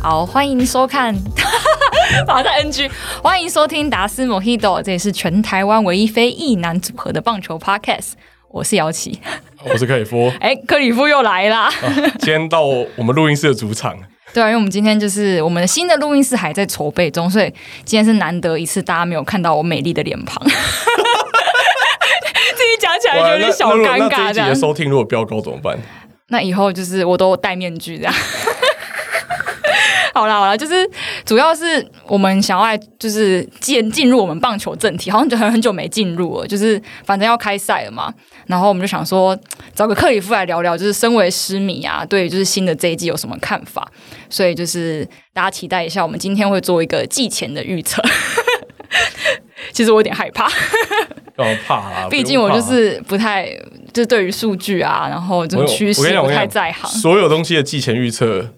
好，歡迎收看，哈哈，我在 NG， 歡迎收聽達斯 MOJITO，這也是全台灣唯一非異男組合的棒球 Podcast，我是珧綺。我、哦、是克里夫，哎，克里夫又來了、哦。今天到我們錄音室的主場， 對啊，因為我們今天就是我們的新的錄音室還在籌備中，所以今天是難得一次大家沒有看到我美麗的臉龐， 自己講起來有點小尷尬。這樣你的收聽如果飆高怎麼辦？ 那以後就是我都戴面具這樣。好啦，好啦，就是主要是我們想要來就是進進入我們棒球正題，好像就很很久沒進入了，就是反正要開賽了嘛，然後我們就想說找個克里夫來聊聊，就是身為獅迷啊，對於就是新的這一季有什麼看法？所以就是大家期待一下，我們今天會做一個季前的預測。 其實我有點害怕， 怕、啊，畢竟我就是不太不、啊、就對於數據啊，然後這種趨勢不太在行，所有東西的季前預測。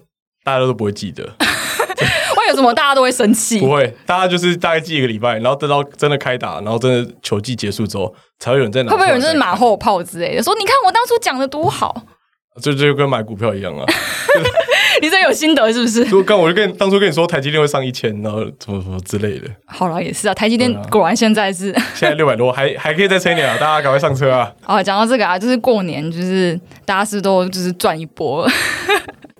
大家都不會記得，為什麼？大家都會生氣？不會， 大家就是大概記一個禮拜，然後等到真的開打，然後真的球季結束之後，才會有人在那。會不會有人就是馬後炮之類的？ 說你看我當初講的多好，這這就跟買股票一樣啊！ 就 你這有心得是不是？跟我就跟當初跟你說台積電會上一千，然後怎麼怎麼之類的。好了，也是啊，台積電果然現在是、啊、現在六百多，還還可以再吹一點啊！ 大家趕快上車啊！哦，講到這個啊，就是過年，就是大家是都就是賺一波。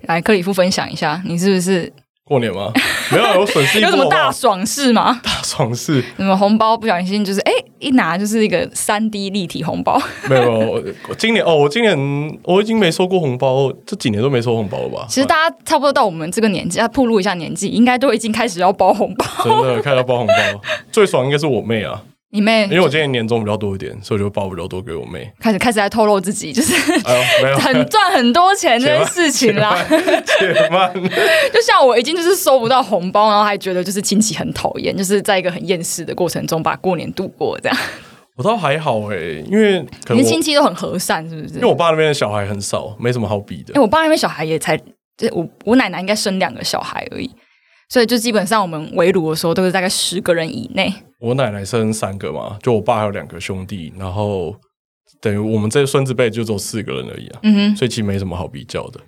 來，克里夫分享一下，你是不是過年嗎？沒有、啊、有損 有什麼大爽事嗎？大爽事？什麼紅包不小心就是哎、欸、一拿就是一個三 D 立體紅包？ 沒，有沒有，我今年哦，我今年我已經沒收過紅包，這幾年都沒收紅包了吧？其實大家差不多到我們這個年紀，曝露一下年紀，應該都已經開始要包紅包， 真的開始要包紅包。 最爽應該是我妹啊。你妹，因為我今年年終比較多一點，所以我就包比較多給我妹。開始開始在透露自己，就是很賺、哎、很多錢這件事情啦 切慢，就像我已經就是收不到紅包，然後還覺得就是親戚很討厭，就是在一個很厭世的過程中把過年度過這樣。我倒還好哎、欸，因為可能親戚都很和善，是不是？因為我爸那邊的小孩很少，沒什麼好比的。因為我爸那邊小孩也才，就我我奶奶應該生兩個小孩而已。所以就基本上我們圍爐的時候都是大概十個人以內。我奶奶生三個嘛，就我爸還有兩個兄弟，然後等於我們這孫子輩就只有四個人而已啊。嗯哼，所以其實沒什麼好比較的。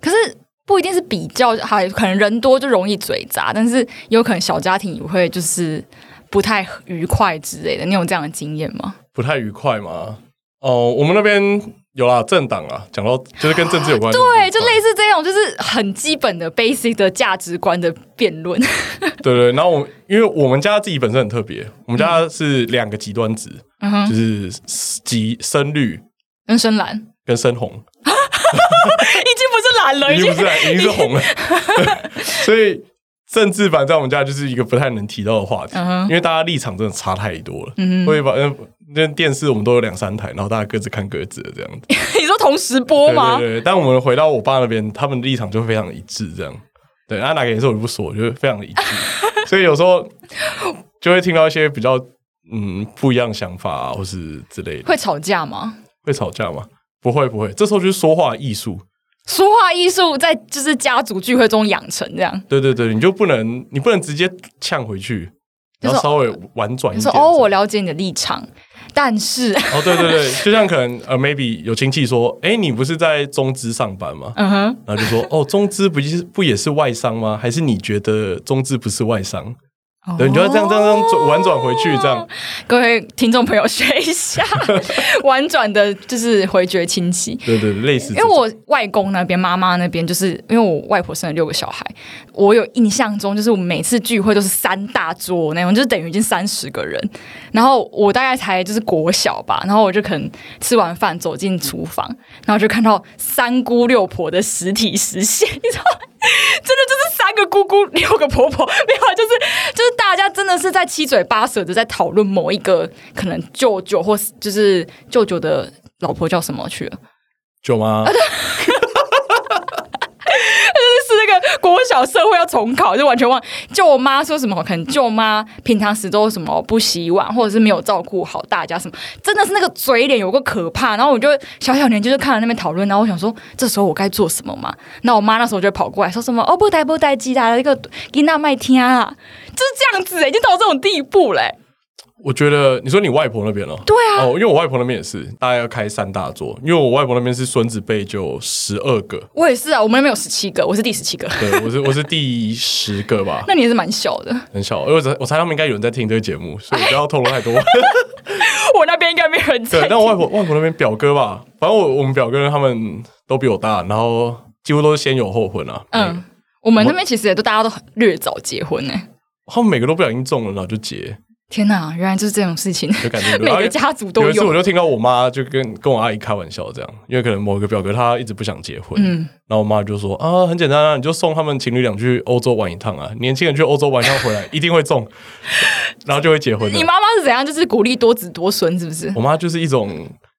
可是不一定是比較，還可能人多就容易嘴雜，但是也有可能小家庭也會就是不太愉快之類的。你有這樣的經驗嗎？不太愉快嗎？哦、呃，我們那邊。有啦，政黨啦，講到就是跟政治有關。對，就類似這樣就是很基本的 basic 的價值觀的辯論。對，對對，然後我們因為我們家自己本身很特別，我們家是兩個極端值，嗯，就是極深綠、跟深藍、跟深紅。 已經不是藍了，已經不是藍，已經是紅了。 所以。甚至反正在我們家就是一個不太能提到的話題，uh -huh. 因為大家立場真的差太多了。會反，那那電視我們都有兩三台，然後大家各自看各自的這樣子。 你說同時播嗎？對，對，對，但我們回到我爸那邊，他們立場就非常一致，這樣。對，那哪個也是我不說，我覺得非常一致。 所以有時候就會聽到一些比較嗯不一樣想法啊，或是之類的。會吵架嗎？會吵架嗎？不會不會，這時候就是說話藝術。說話藝術在就是家族聚會中養成這樣。對對對，你就不能你不能直接嗆回去，就是，然後稍微婉轉一點。你說，就是哦，就是，哦，我了解你的立場，但是哦對對對，就像可能呃、uh, maybe 有親戚說，哎，你不是在中資上班嗎？嗯哼，然後就說哦，中資不就是不也是外商嗎？還是你覺得中資不是外商？對，你你得這樣這樣這樣婉轉回去，這樣各位聽眾朋友學一下婉 轉、轉的，就是回絕親戚。 對，對對，類似。因為我外公那邊、媽媽那邊，就是因為我外婆生了六個小孩，我有印象中，就是我們每次聚會都是三大桌那種，就是等於已經三十個人。然後我大概才就是國小吧，然後我就可能吃完飯走進廚房、嗯，然後就看到三姑六婆的實體實現，你知道。 真的就是三個姑姑，六個婆婆，沒有，就是就是大家真的是在七嘴八舌的在討論某一個可能舅舅或就是舅舅的老婆叫什麼去了，舅媽。 社會要重考，就完全忘。就我媽說什麼？可能舅媽平常時都什麼不洗碗，或者是沒有照顧好大家什麼？真的是那個嘴臉，有個可怕。然後我就小小年紀就看了那邊討論，然後我想說，這時候我該做什麼嘛？那我媽那時候就會跑過來說什麼？哦不帶不帶雞蛋，那個給那麥天啊，就是這樣子已、欸、經到這種地步嘞、欸。我覺得你說你外婆那邊咯、啊，對啊，哦，因為我外婆那邊也是大概要開三大桌，因為我外婆那邊是孫子輩就十二個，我也是啊，我們那邊有十七個，我是第十七個， 對，我是我是第十個吧， 那你也是蠻小的，很小，因為我我猜他們應該有人在聽這個節目，所以不要透露太多。 我那邊應該沒有人，對，但我外婆外婆那邊表哥吧，反正我我們表哥他們都比我大，然後幾乎都是先有後婚啊。嗯，欸、我們那邊其實也都大家都略早結婚呢、欸。他們每個都不小心中了，然後就結。天哪，原來就是這種事情，就感覺，每個家族都有， 有。有一次我就聽到我媽就跟跟我阿姨開玩笑，這樣，因為可能某一個表哥他一直不想結婚，嗯，然後我媽就說啊，很簡單啊，你就送他們情侶倆去歐洲玩一趟啊，年輕人去歐洲玩一趟回來 一定會中，然後就會結婚。 你媽媽是怎樣？就是鼓勵多子多孫，是不是？ 我媽就是一種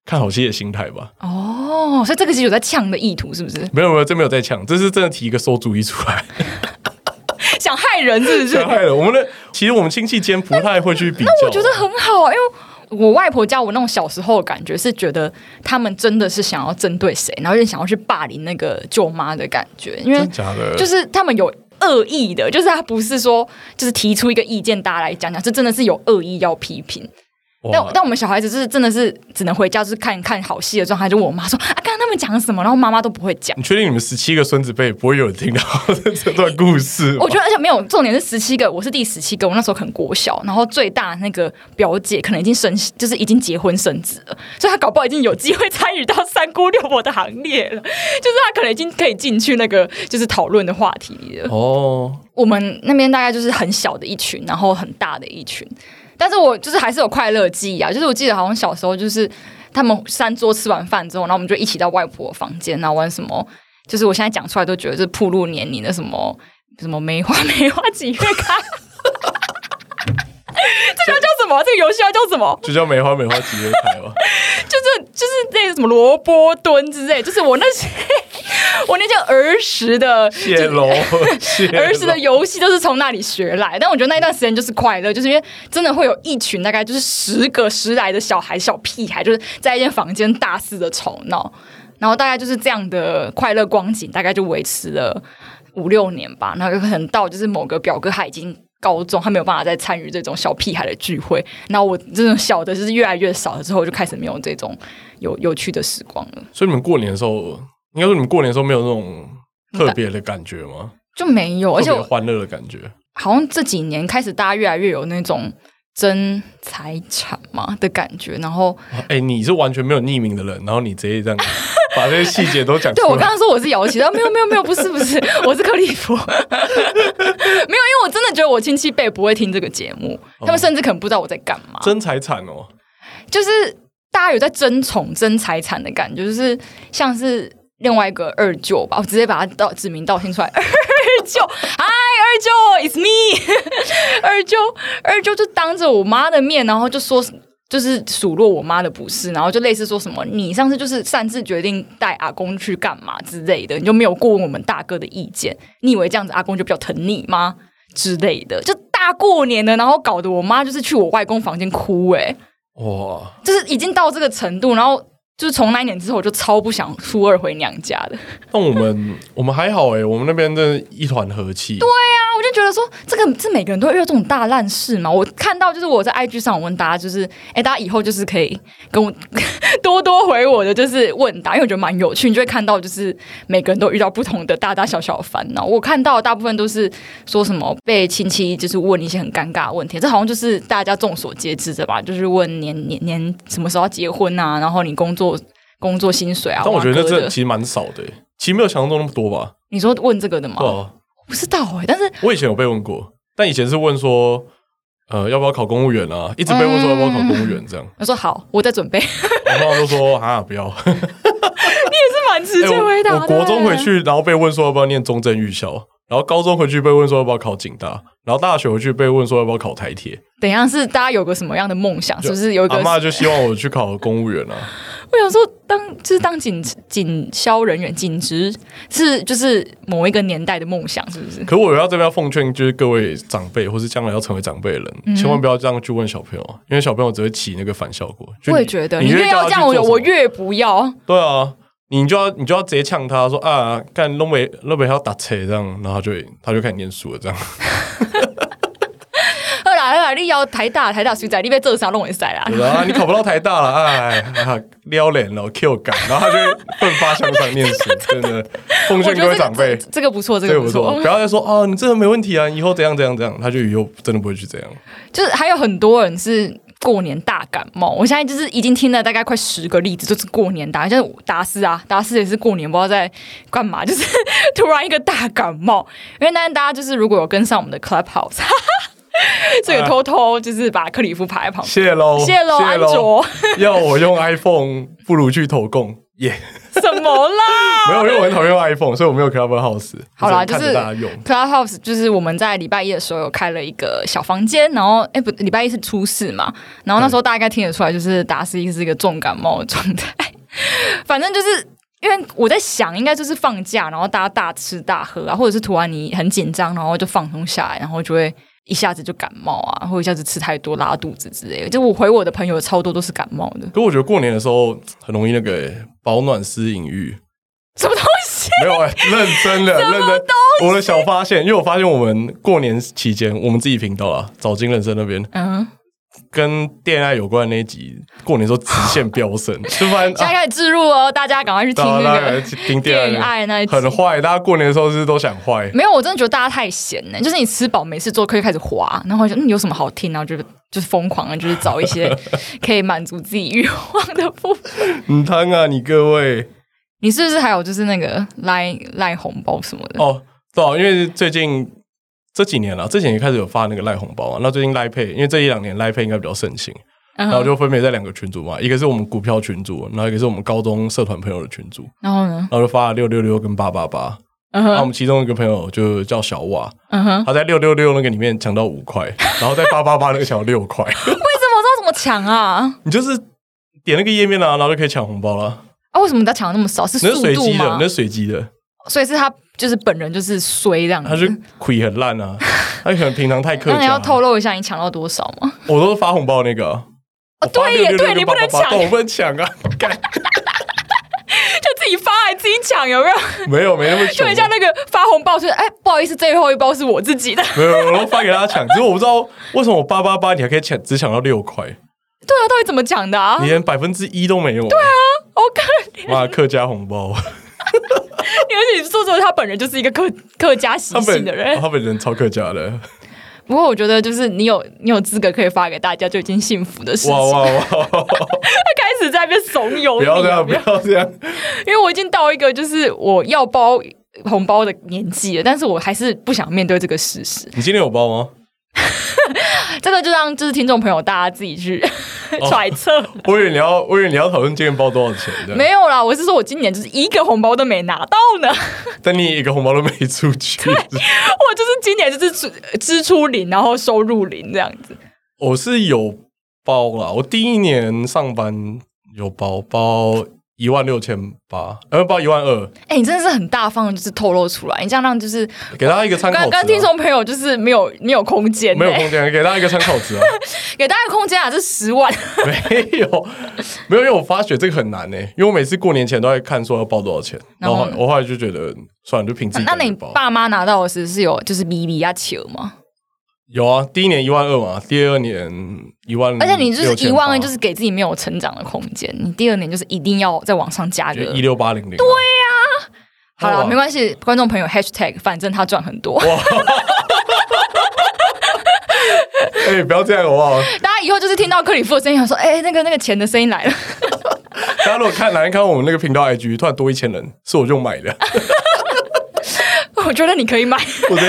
看好戲的心態吧。哦，所以這個是有在嗆的意圖，是不是？沒有沒有，這沒有在嗆，這是真的提一個餿主意出來， 想害人是不是？想害人我們的。其實我們親戚間不太會去比，啊那那。那我覺得很好啊，因為我外婆家我那種小時候的感覺是覺得他們真的是想要針對誰，然後又想要去霸凌那個舅媽的感覺，因為真的就是他們有惡意的，就是他不是說就是提出一個意見，大家來講講，這真的是有惡意要批評。但但我們小孩子就是真的是只能回家就是看看好戲的狀態，就我媽說啊看。他們講什麼，然後媽媽都不會講。你確定你們十七個孫子輩不會有人聽到這段故事？我覺得而且沒有重點是十七個，我是第十七個，我那時候很國小，然後最大的那個表姐可能已經生，就是已經結婚生子了，所以她搞不好已經有機會參與到三姑六婆的行列了，就是她可能已經可以進去那個就是討論的話題裡哦，oh. 我們那邊大概就是很小的一群，然後很大的一群，但是我就是還是有快樂記憶啊，就是我記得好像小時候就是。他們三桌吃完飯之後，然後我們就一起到外婆房間，然後玩什麼？就是我現在講出來都覺得這是暴露年齡的什麼什麼梅花梅花幾月開，這個叫什麼？這個遊戲要叫什麼？就叫梅花梅花幾月開嗎？就是就是那個什麼蘿蔔蹲之類，就是我那些。 我那叫兒時的 兒時的遊戲都是從那裡學來。但我覺得那段時間就是快樂，就是因為真的會有一群大概就是十個十來的小孩、小屁孩，就是在一間房間大肆的吵鬧。然後大概就是這樣的快樂光景，大概就維持了五六年吧。然後可能到就是某個表哥他已經高中，他沒有辦法再參與這種小屁孩的聚會。然後我這種小的就是越來越少了，之後就開始沒有這種有有趣的時光了。所以你們過年的時候？應該說你們過年的時候沒有那種特別的感覺嗎？就沒有，而且我歡樂的感覺。好像這幾年開始，大家越來越有那種爭財產嘛的感覺。然後，哎、欸，你是完全沒有匿名的人，然後你直接這樣把這些細節都講出來。 對我剛剛說我是珧綺， 然後沒有沒有沒有，不是不是，我是克里夫。 沒有，因為我真的覺得我親戚輩不會聽這個節目、嗯，他們甚至可能不知道我在幹嘛。爭財產哦，就是大家有在爭寵、爭財產的感覺，就是像是。另外一個二舅吧，我直接把他道指名道姓出來。 二舅嗨，Hi, 二舅，It's me。 二舅，二舅就當着我媽的面，然後就說就是數落我媽的不是，然後就類似說什麼你上次就是擅自決定帶阿公去幹嘛之類的，你就沒有過問我們大哥的意見。你以為這樣子阿公就比較疼你嗎？之類的，就大過年的，然後搞得我媽就是去我外公房間哭，欸，誒哇，就是已經到這個程度，然後。就是從那一年之後，我就超不想初二回娘家的。那我們我們還好哎、欸，我們那邊真的一團和氣。對啊，我就覺得說這個這每個人都會遇到這種大爛事嘛。我看到就是我在 IG 上，我問大家，就是哎、欸，大家以後就是可以跟我多多回我的，就是問答，因為我覺得蠻有趣。你就會看到就是每個人都遇到不同的大大小小的煩惱。我看到大部分都是說什麼被親戚就是問一些很尷尬的問題，這好像就是大家眾所皆知的吧？就是問年年年什麼時候結婚啊，然後你工作。我工作薪水啊，但我覺得這其實蠻少的、欸、的，其實沒有想象中那麼多吧。你說問這個的嗎？不、啊、知道哎、欸，但是我以前有被問過，但以前是問說，呃，要不要考公務員啊？一直被問說要不要考公務員，這樣。他、嗯、說好，我在準備。然後媽就說哈啊，不要。 你也是蠻直接回答。我國中回去，然後被問說要不要念中正預校。然後高中回去被問說要不要考警大，然後大學回去被問說要不要考台鐵，等一下是大家有個什麼樣的夢想，是不是有一個？阿嬤就希望我去考公務員啊。 我想說，當就是當警警消人員，警職是就是某一個年代的夢想，是不是？可我要這邊要奉勸，就是各位長輩或是將來要成為長輩的人、嗯，千萬不要這樣去問小朋友，因為小朋友只會起那個反效果。我也覺得，你越要這樣我，我越不要。對啊。你就要你就要直接嗆他說啊，看龍尾龍尾還要打車這樣，然後他就他就開始念書了這樣。後來後來，你要台大台大誰在？你被浙商弄為誰啊？你考不到台大了，哎，他、 啊啊、撩臉了 Q 感，然後他就奮發向上念書， 真的， 真的 奉勸各位長輩、這個。這個不錯，這個不錯。不要再說哦、啊，你這個沒問題啊，以後怎樣怎樣怎樣，他就以後真的不會去這樣。就是還有很多人是。過年大感冒，我現在就是已經聽了大概快十個例子，就是過年打就是我打死啊，打死也是過年，不知道在幹嘛，就是突然一個大感冒。因為大家就是如果有跟上我們的 Clubhouse，哈哈，所以偷偷就是把克里夫排在旁邊，呃，謝嘍，謝嘍，安卓。要我用 iPhone，不如去投共。耶？怎麼啦？ 沒有，因為我很討厭用 iPhone，所以我沒有 Clubhouse。好啦，就是大家用、就是、Clubhouse，就是我們在禮拜一的時候有開了一個小房間，然後哎、欸、不，禮拜一是初四嘛，然後那時候大概聽得出來，就是達斯一是一個重感冒的狀態、嗯。反正就是因為我在想，應該就是放假，然後大家大吃大喝啊，或者是突然你很緊張，然後就放鬆下來，然後就會一下子就感冒啊，或者一下子吃太多拉肚子之類的。就我回我的朋友超多都是感冒的，可我覺得過年的時候很容易那個。飽暖思淫慾，什麼東西？沒有、欸，認真的，什麼東西認真的什麼東西。我的小發現，因為我發現我們過年期間，我們自己頻道啊早金人生那邊，嗯跟戀愛有關的那一集，過年的時候直線飆升，現在開始置入哦、啊，大家趕快去聽那個戀愛那一集，很壞。大家過年的時候是不是都想壞？沒有，我真的覺得大家太閒呢。就是你吃飽，沒事做可以開始滑，然後就嗯有什麼好聽、啊，然後就是就是瘋狂，就是找一些可以滿足自己欲望的部分。很貪啊，你各位，你是不是還有就是那個賴賴紅包什麼的？哦，對、啊，因為最近。這幾年了、啊，這幾年開始有發那個賴紅包啊。那最近賴 Pay，因為這一兩年賴 Pay 應該比較盛行，uh -huh. 然後就分別在兩個群組嘛，一個是我們股票群組，然後一個是我們高中社團朋友的群組。然後呢？然後就發了六六六跟八八八。那我們其中一個朋友就叫小瓦，他、uh -huh. 在六六六那個裡面搶到五塊，uh -huh. 然後在八八八那個搶到六塊。 為什麼他怎麼搶啊？你就是點那個頁面啊，然後就可以搶紅包了、啊。啊？為什麼他搶那麼少？是隨機的？那是隨機的。所以是他。就是本人就是衰，這樣子，他是虧很爛啊，他可能平常太客氣 那你要透露一下你搶到多少嗎？我都是發紅包那個、啊。哦，對耶，也對，你不能搶888，都不能搶啊！ 就自己發，自己搶，有沒有？沒有，沒那麼。對，像那個發紅包說，就是哎，不好意思，最後一包是我自己的。 沒有，我都發給大家搶，只是我不知道為什麼我八八八，你還可以搶，只搶到六塊。對啊，到底怎麼搶的啊？你連百分之一都沒有。對啊，我、okay、靠！馬、啊、克家紅包。而且說說他本人就是一個客客家習性的人他，他本人超客家的。不過我覺得，就是你有你有資格可以發給大家，就已經幸福的事情。他、wow, wow, wow, wow, wow, 開始在那邊慫恿你不要這樣，不要，不要這樣，因為我已經到一個就是我要包紅包的年紀了，但是我還是不想面對這個事實。你今天有包嗎？ 這個就讓就是聽眾朋友大家自己去 揣測、哦。我以為你要，我以為你要討論今天包多少錢。沒有啦，我是說我今年就是一個紅包都沒拿到呢。但你一個紅包都沒出去 我就是今年就是支支出零，然後收入零這樣子。我是有包了，我第一年上班有包包。一萬六千八、呃，要報一萬二。哎、欸，你真的是很大方，就是透露出來，你這樣讓就是給大家一個參考、啊。剛剛聽眾朋友就是沒有沒有空間，沒有空間、欸，給大家一個參考值啊， 給大家一個空間啊，就十萬。 沒有，沒有，因為我發覺這個很難呢、欸，因為我每次過年前都會看說要報多少錢，然後，然後我後來就覺得算了，就憑自己。啊、那你爸媽拿到的是是有就是米米啊球嗎？有啊，第一年一萬二嘛，第二年一萬二，而且你就是一萬二，就是給自己沒有成長的空間。你第二年就是一定要再往上加個一六八零零。對呀、啊，好了、啊哦啊，沒關係，觀眾朋友 hashtag，反正他賺很多。哎、 欸，不要這樣好不好？大家以後就是聽到克里夫的聲音，說：“哎、欸，那個那個錢的聲音來了。 ”大家如果看來看我們那個頻道 IG，突然多一千人，是我就買的。 我覺得你可以買，我認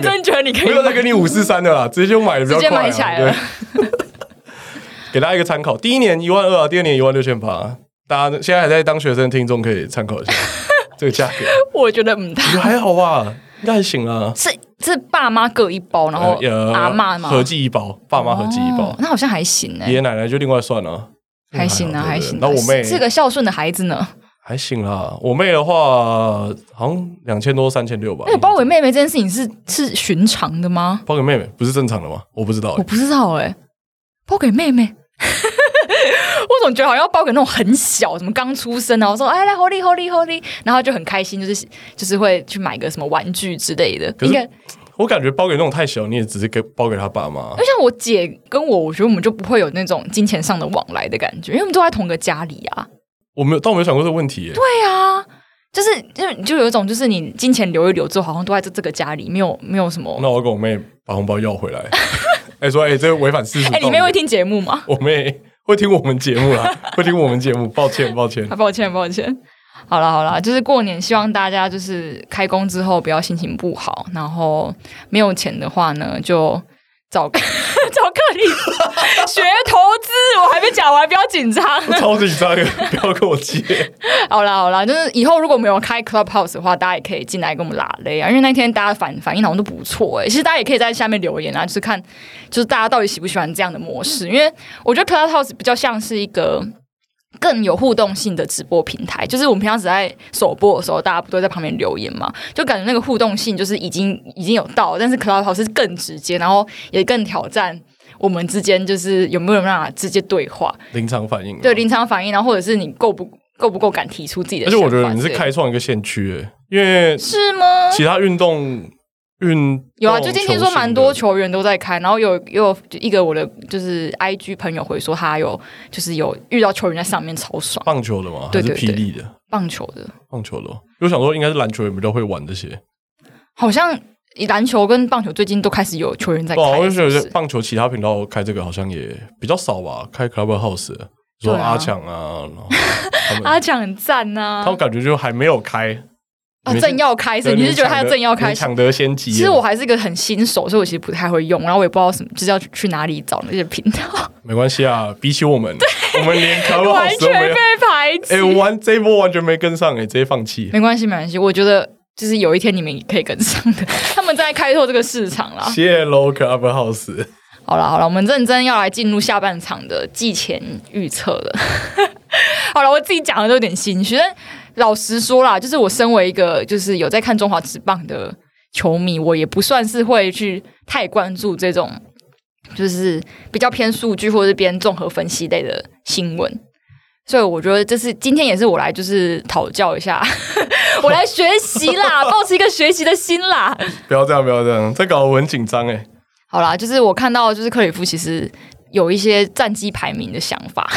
真 覺得你可以買，不要再給你五四三的了，直接就買，啊、直接買起來了。 給大家一個參考，第一年一萬二、啊，第二年一萬六千八。啊、大家現在還在當學生聽眾，可以參考一下這個價格 。我覺得不太還好吧，應該還行啊。是是，爸媽各一包，然後阿嬤、呃、合計一包，爸媽合計一包、哦哦，那好像還行呢、欸。爺爺奶奶就另外算了、啊，還行啊、嗯，還,還行、啊。那我妹，是個孝順的孩子呢。還行啦，我妹的話好像兩千多三千六吧。那個，包給妹妹這件事情是是尋常的嗎？包給妹妹不是正常的嗎？我不知道，我不知道哎，欸。包給妹妹， 我總覺得好像包給那種很小，什麼剛出生啊，我說哎來，Holy Holy Holy，然後就很開心，就是就是會去買個什麼玩具之類的應該。可是我感覺包給那種太小，你也只是給包給他爸媽。就像我姐跟我，我覺得我們就不會有那種金錢上的往來的感覺，因為我們都在同個家裡啊。我沒有，倒我沒有想過這個問題、欸。對啊，就是，就，就有一種，就是你金錢留一留之後，好像都在這這個家裡，沒有，沒有什麼。那我要跟我妹把紅包要回來，哎、 欸，說、欸、哎，這違反事實。哎、欸，你妹會聽節目嗎？我妹會聽我們節目啊，會聽我們節目、啊、 目。抱歉，抱歉，啊、抱歉，抱歉。好啦，好啦，就是過年，希望大家就是開工之後不要心情不好，然後沒有錢的話呢，就找 找課客裡人 學。我還沒講完，不要緊張， 我超緊張，不要跟我接。 好啦好啦，就是以後如果沒有開 Clubhouse 的話，大家也可以進來跟我們拉雷啊。因為那天大家反反應好像都不錯哎，欸，其實大家也可以在下面留言啊，就是看就是大家到底喜不喜歡這樣的模式。因為我覺得 Clubhouse 比較像是一個更有互動性的直播平台。就是我們平常只在首播的時候，大家不都在旁邊留言嘛？就感覺那個互動性就是已經已經有到，但是 Clubhouse 是更直接，然後也更挑戰。我們之間就是有沒有辦法直接對話？臨場反應有，有，對，臨場反應，然後或者是你夠不夠，不夠敢提出自己的。而且我覺得你是開創一個先驅耶，因為是嗎？其他運動運有啊，最近聽說蠻多球員都在開，然後有，有一個我的就是 I G 朋友會說他有就是有遇到球員在上面超爽，棒球的嘛，對對對，棒球的，棒球的哦。我想說應該是籃球員比較會玩這些，好像。籃球跟棒球最近都開始有球員在開是不是？啊、我覺得棒球其他頻道開這個好像也比較少吧，開 Clubhouse，比如說阿強啊，然後 阿強很讚啊，他感覺就還沒有開啊，正要開是，你是覺得他正要開，搶得先機。其實我還是一個很新手，所以我其實不太會用，然後我也不知道什麼，就是要去哪裡找那些頻道。嗯、 沒關係啊，比起我們， 我們連 Clubhouse 都完全被排擠。哎、欸，完這一波完全沒跟上、欸，哎，直接放棄。沒關係，沒關係，我覺得。就是有一天你們也可以跟上的，他們正在開拓這個市場了。謝謝洛克阿布豪斯。好了好了，我們認真要來進入下半場的季前預測了。 好了，我自己講的都有點心虛。老實說啦，就是我身為一個就是有在看中華職棒的球迷，我也不算是會去太關注這種就是比較偏數據或者是偏綜合分析類的新聞。所以我覺得這是今天也是我來就是討教一下。 我來學習啦，抱持一個學習的心啦。 不要這樣，不要這樣，這搞得我很緊張哎。好啦，就是我看到，就是克里夫其實有一些戰績排名的想法。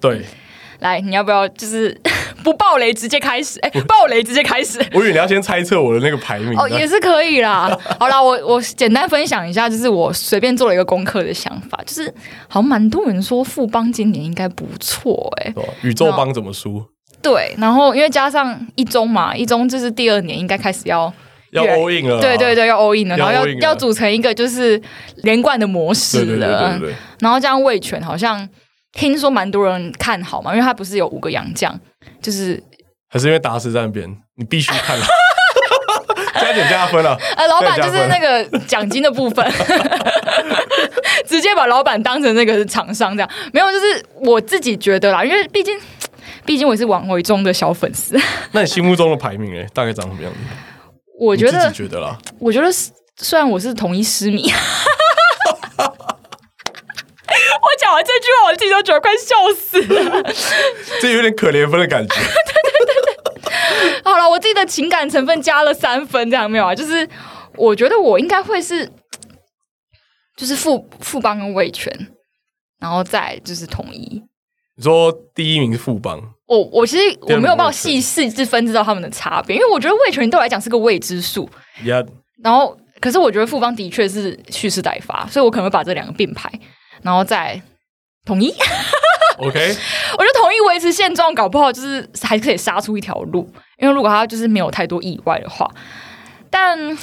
對， 來，你要不要就是不暴雷直接開始？哎、欸，暴雷直接開始。我以為你要先猜測我的那個排名哦、 喔，也是可以啦。好啦，我我簡單分享一下，就是我隨便做了一個功課的想法，就是好像蠻多人說富邦今年應該不錯哎、欸啊。宇宙邦怎麼輸？對，然後因為加上一中嘛，一中就是第二年應該開始要要 all in 了、啊。對對對，要 all in 了，然後要要，要，要組成一個就是連貫的模式了。對對對對對對對然後這樣味全，好像聽說蠻多人看好嘛，因為他不是有五個洋將，就是還是因為達斯在那邊，你必須看了 加減加分了。呃，老板就是那個獎金的部分， 直接把老板當成那個是廠商這樣。沒有，就是我自己覺得啦，因為畢竟。畢竟我是王維中的小粉絲 那你心目中的排名誒大概長什麼樣子？我覺得，自己覺得啦。我覺得雖然我是統一獅迷， 我講完這句話我自己都覺得快笑死了， 這有點可憐粉的感覺。 對，對對對對，好了，我自己的情感成分加了三分，這樣沒有啊？就是我覺得我應該會是，就是富富邦跟味全，然後再就是統一。說第一名是富邦，我、oh, 我其實我沒有辦法細細致分知道他們的差別，因為我覺得味全對我來講是個未知數。Yeah. 然後，可是我覺得富邦的確是蓄勢待發，所以我可能會把這兩個並排，然後再統一。 OK，我就統一維持現狀，搞不好就是還可以殺出一條路。因為如果他就是沒有太多意外的話，但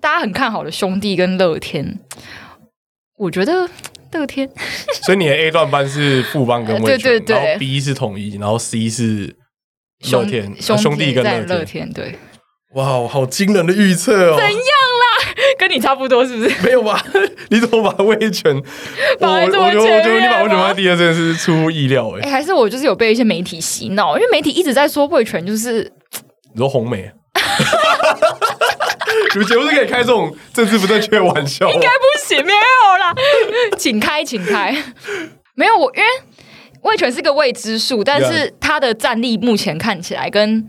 大家很看好的兄弟跟樂天，我覺得。樂天， 所以你的 A 段班是富邦跟味全，呃，然後 B 是統一，然後 C 是樂天、兄弟、樂天、啊、兄弟跟樂天、樂天對。哇、wow，好驚人的預測哦！怎樣啦？跟你差不多是不是？沒有吧？你怎麼把味全？ 我覺得我覺得你把味全放在第二陣是出乎意料哎、欸欸。還是我就是有被一些媒體洗腦，因為媒體一直在說味全就是 你說紅梅。 節目是可以開這種政治不正確的玩笑嗎？應該不行，沒有啦， 請開，請開。沒有我，因為魏權是個未知數，但是他的戰力目前看起來，跟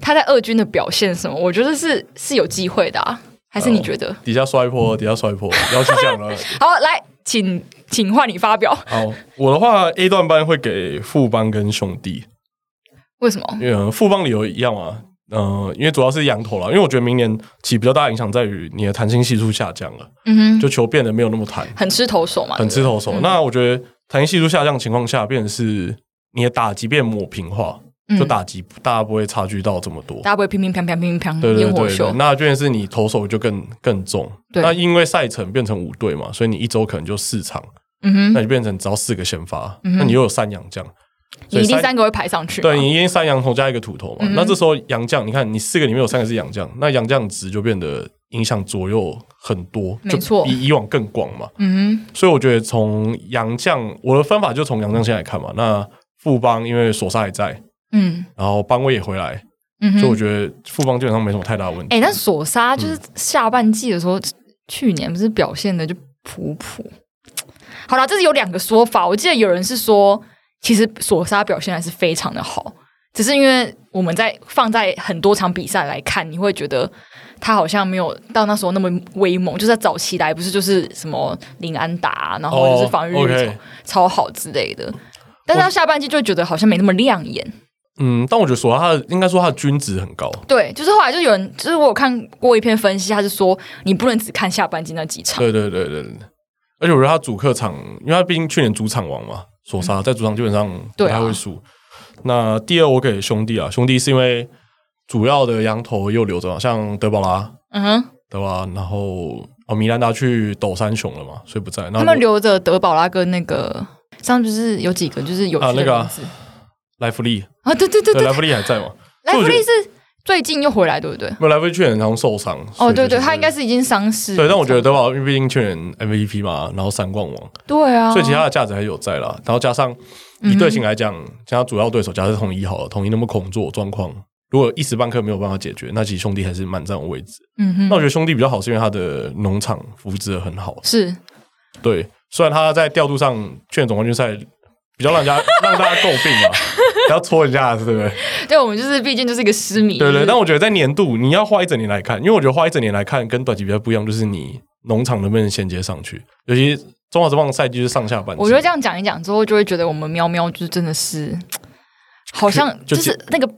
他在二軍的表現什麼，我覺得是是有機會的啊。還是你覺得？底下摔一坡，底下摔一坡，要起講了。了嗯、了 好，來，請請換你發表。好，我的話，A 段班會給富邦跟兄弟。為什麼？因為富邦理由一樣啊。呃，因為主要是洋投了，因為我覺得明年起比較大的影響在於你的彈性係數下降了，嗯哼，就球變得沒有那麼彈，很吃投手嘛，很吃投手。嗯、那我覺得彈性係數下降的情況下，變是你的打擊變抹平化，嗯、就打擊大家不會差距到這麼多，大家不會乒乒乓乓乒乒乓乓煙火秀，對對對對，對對對，那就變成是你投手就更更重對。那因為賽程變成五隊嘛，所以你一周可能就四場，嗯哼，那就變成只要四個先發、嗯，那你又有三洋將這樣。已經三個會排上去，對，你已經三洋投加一個土投嘛，嗯、那這時候洋將，你看你四個裡面有三個是洋將，那洋將值就變得影響左右很多，沒錯，就比以往更廣嘛，嗯哼，所以我覺得從洋將，我的方法就從洋將先來看嘛，那富邦因為索莎也在，嗯，然後邦威也回來，嗯，所以我覺得富邦基本上沒什麼太大問題。哎、欸，那索莎就是下半季的時候、嗯，去年不是表現的就普普，好了，這是有兩個說法，我記得有人是說。其實索沙表現還是非常的好，只是因為我們在放在很多場比賽來看，你會覺得他好像沒有到那時候那麼威猛。就是、在早期來，不是就是什麼林安達、啊，然後就是防禦、oh, okay. 超好之類的。但是他下半季就覺得好像沒那麼亮眼。嗯，但我覺得索沙他，他應該說他的均值很高。對，就是後來就有人，就是我有看過一篇分析，他是說你不能只看下半季那幾場。對對對對，對，而且我覺得他主客場，因為他畢竟去年主場王嘛。索沙在主場基本上不太會輸、啊。那第二我給兄弟啊，兄弟是因為主要的洋投又留着像德保拉，嗯哼，德保拉，然後哦米蘭達去鬥山熊了嘛，所以不在。那他們留着德保拉跟那個上次不是有幾個就是有啊那個萊弗利啊，對對對對，萊弗利還在嗎？萊 弗利是。最近又回來，對不對？沒有來不，去年然後受傷。哦、就是，對對，他應該是已經傷勢。對，但我覺得德寶畢竟去年 MVP 嘛，然後三冠王。對啊，所以其他的價值還有在了。然後加上以對性來講、嗯，其他主要對手假設統一好了，統一那麼恐坐狀況，如果一時半刻沒有辦法解決，那其實兄弟還是滿佔位置。嗯哼，那我覺得兄弟比較好，是因為他的農場扶植的很好。是，對，雖然他在調度上去年總冠軍賽比較讓大家 讓大家詬病嘛。 要搓一下，是不是？對，我們就是畢竟就是一個失迷，對對，對。但我覺得在年度，你要畫一整年來看，因為我覺得畫一整年來看跟短期比較不一樣，就是你農場能不能銜接上去。尤其中華職棒賽季就是上下半，我覺得這樣講一講之後，就會覺得我們喵喵就是真的是，好像就是那個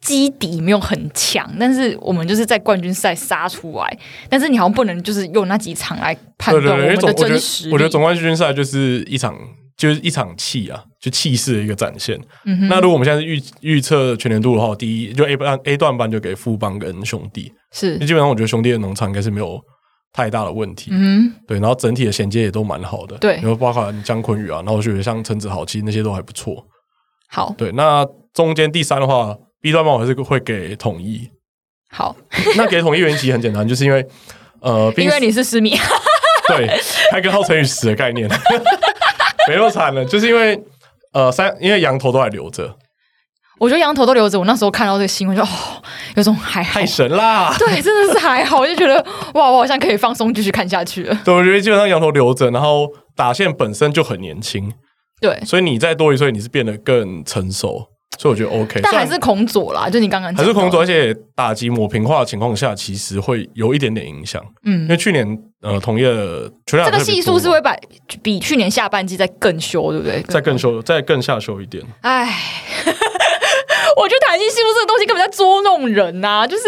基底沒有很強，但是我們就是在冠軍賽殺出來，但是你好像不能就是用那幾場來判斷我們的真實。我覺得總冠軍賽就是一場，就是一場氣啊。就氣勢的一個展現。嗯哼，那如果我們現在是預預測全年度的話，第一就 A 班 A 段班就給富邦跟兄弟，是。基本上我覺得兄弟的農場應該是沒有太大的問題。嗯，對。然後整體的銜接也都蠻好的。對。然後包括江坤宇啊，然後我覺得像陳子豪，其實那些都還不錯。好。對，那中間第三的話，B 段班我還是會給統一。好。 那給統一原因其實很簡單，就是因為呃，因為你是十米。 對，還跟號乘以十的概念。 沒那麼慘了，就是因為。呃，三，因為羊頭都還留着，我覺得羊頭都留着。我那時候看到這個新聞，就哦，有種還好，太神啦，對，真的是還好， 我就覺得哇，我好像可以放鬆，繼續看下去了。對，我覺得基本上羊頭留着，然後打線本身就很年輕，對，所以你再多一歲，你是變得更成熟。所以我覺得 OK，但還是恐左啦，就你剛剛還是恐左，而且打擊抹平化的情況下，其實會有一點點影響。嗯，因為去年呃，統一這個係數是會把比去年下半季再更修，對不對？再更修，再更下修一點。哎，我覺得彈性係數這個東西根本在捉弄人啊！就是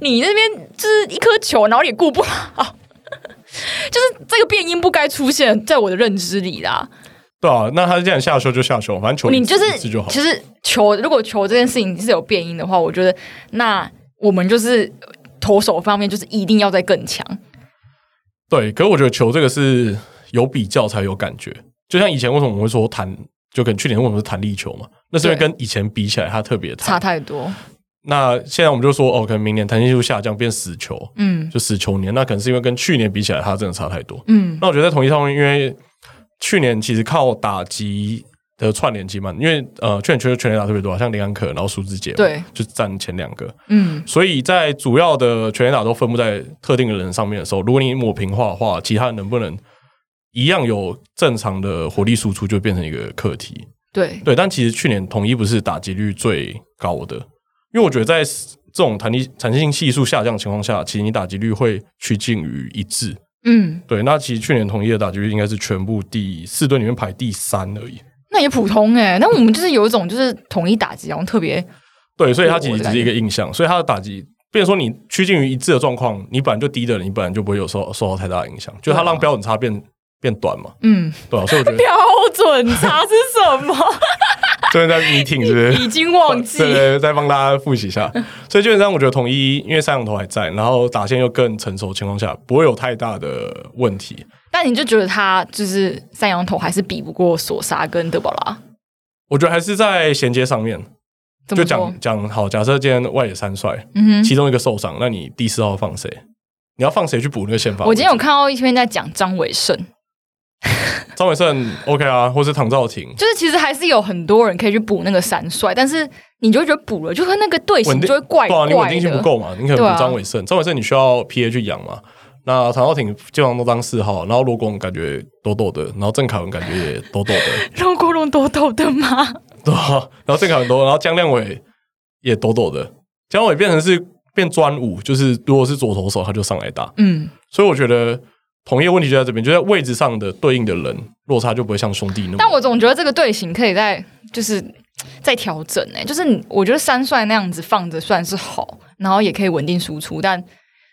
你那邊就是一顆球，然後也顧不好， 就是這個變因，不該出現在我的認知裡啦。對啊，那他是這樣下球就下球，反正球你就是，就其實球如果球這件事情是有變因的話，我覺得那我們就是投手方面就是一定要再更強。對，可是我覺得球這個是有比較才有感覺，就像以前為什麼我們會說彈，就可能去年為什麼是彈力球嘛，那是因為跟以前比起來它特別差太多。那現在我們就說哦，可能明年彈性係數下降變死球，嗯，就死球年，那可能是因為跟去年比起來它真的差太多。嗯，那我覺得在統計上面因為。去年其實靠打擊的串聯機嘛，因為呃去年確實全壘打特別多，像林安可，然後蘇智傑，對，就佔前兩個。嗯，所以在主要的全壘打都分佈在特定的人上面的時候，如果你抹平化的話，其他人能不能一樣有正常的火力輸出，就變成一個課題。對，對，但其實去年統一不是打擊率最高的，因為我覺得在這種彈力彈性係數下降的情況下，其實你打擊率會趨近於一致。嗯，對，那其實去年統一的打擊率應該是全部第四隊裡面排第三而已。那也普通哎，欸，那 我們就是有一種就是統一打擊好像特別。對，所以它其實只是一個印象，所以它的打擊，變成說你趨近於一致的狀況，你本來就低的，你本來就不會有受到受到太大的影響，就是它讓標準差變、啊，變短嘛。嗯，對、啊，所以我覺得標準差是什麼？ 最近在 meeting 是不是？已經忘記對，對，再幫大家複習一下。 所以基本上，我覺得統一因為三洋投還在，然後打線又更成熟情況下，不會有太大的問題。但你就覺得他就是三洋投還是比不過索薩跟德保拉。我覺得還是在銜接上面。就講講好，假設今天外野三帥，嗯哼，其中一個受傷，那你第四號放誰？你要放誰去補那個先發？我今天有看到一篇在講張偉勝。張 偉勝 OK 啊，或是唐兆廷，就是其實還是有很多人可以去補那個閃帥，但是你就覺得補了就和那個隊形就會怪、怪的，不、啊、你穩定性不夠嘛。你可能補張偉勝，張偉、啊、勝你需要 PA 去養嘛。那唐兆廷基本上都當四號，然後羅攻感覺抖抖的，然後鄭凱文感覺也抖抖的，羅攻弄抖抖的嗎？對、啊、然後鄭凱文抖，然後江亮偉也抖抖的，江偉變成是變專五，就是如果是左投手、手他就上來打。嗯，所以我覺得。統一問題就在這邊，就在位置上的對應的人落差就不會像兄弟那麼。但我總覺得這個隊形可以在，就是在調整呢、欸。就是我覺得三帥那樣子放着算是好，然後也可以穩定輸出，但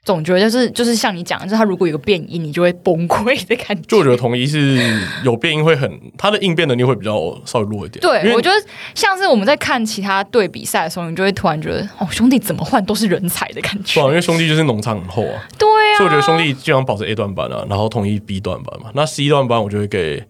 總覺得就是就是像你講的，就是他如果有個變異，你就會崩潰的感覺。就覺得統一是有變異會很，他的應變能力會比較稍微弱一點。對，我覺得像是我們在看其他隊比賽的時候，你就會突然覺得哦，兄弟怎麼換都是人才的感覺。哇、啊，因為兄弟就是農場很厚啊。對。所以我覺得兄弟基本上保持 A 段板啊，然後統一 B 段班嘛。那 C 段班我就會給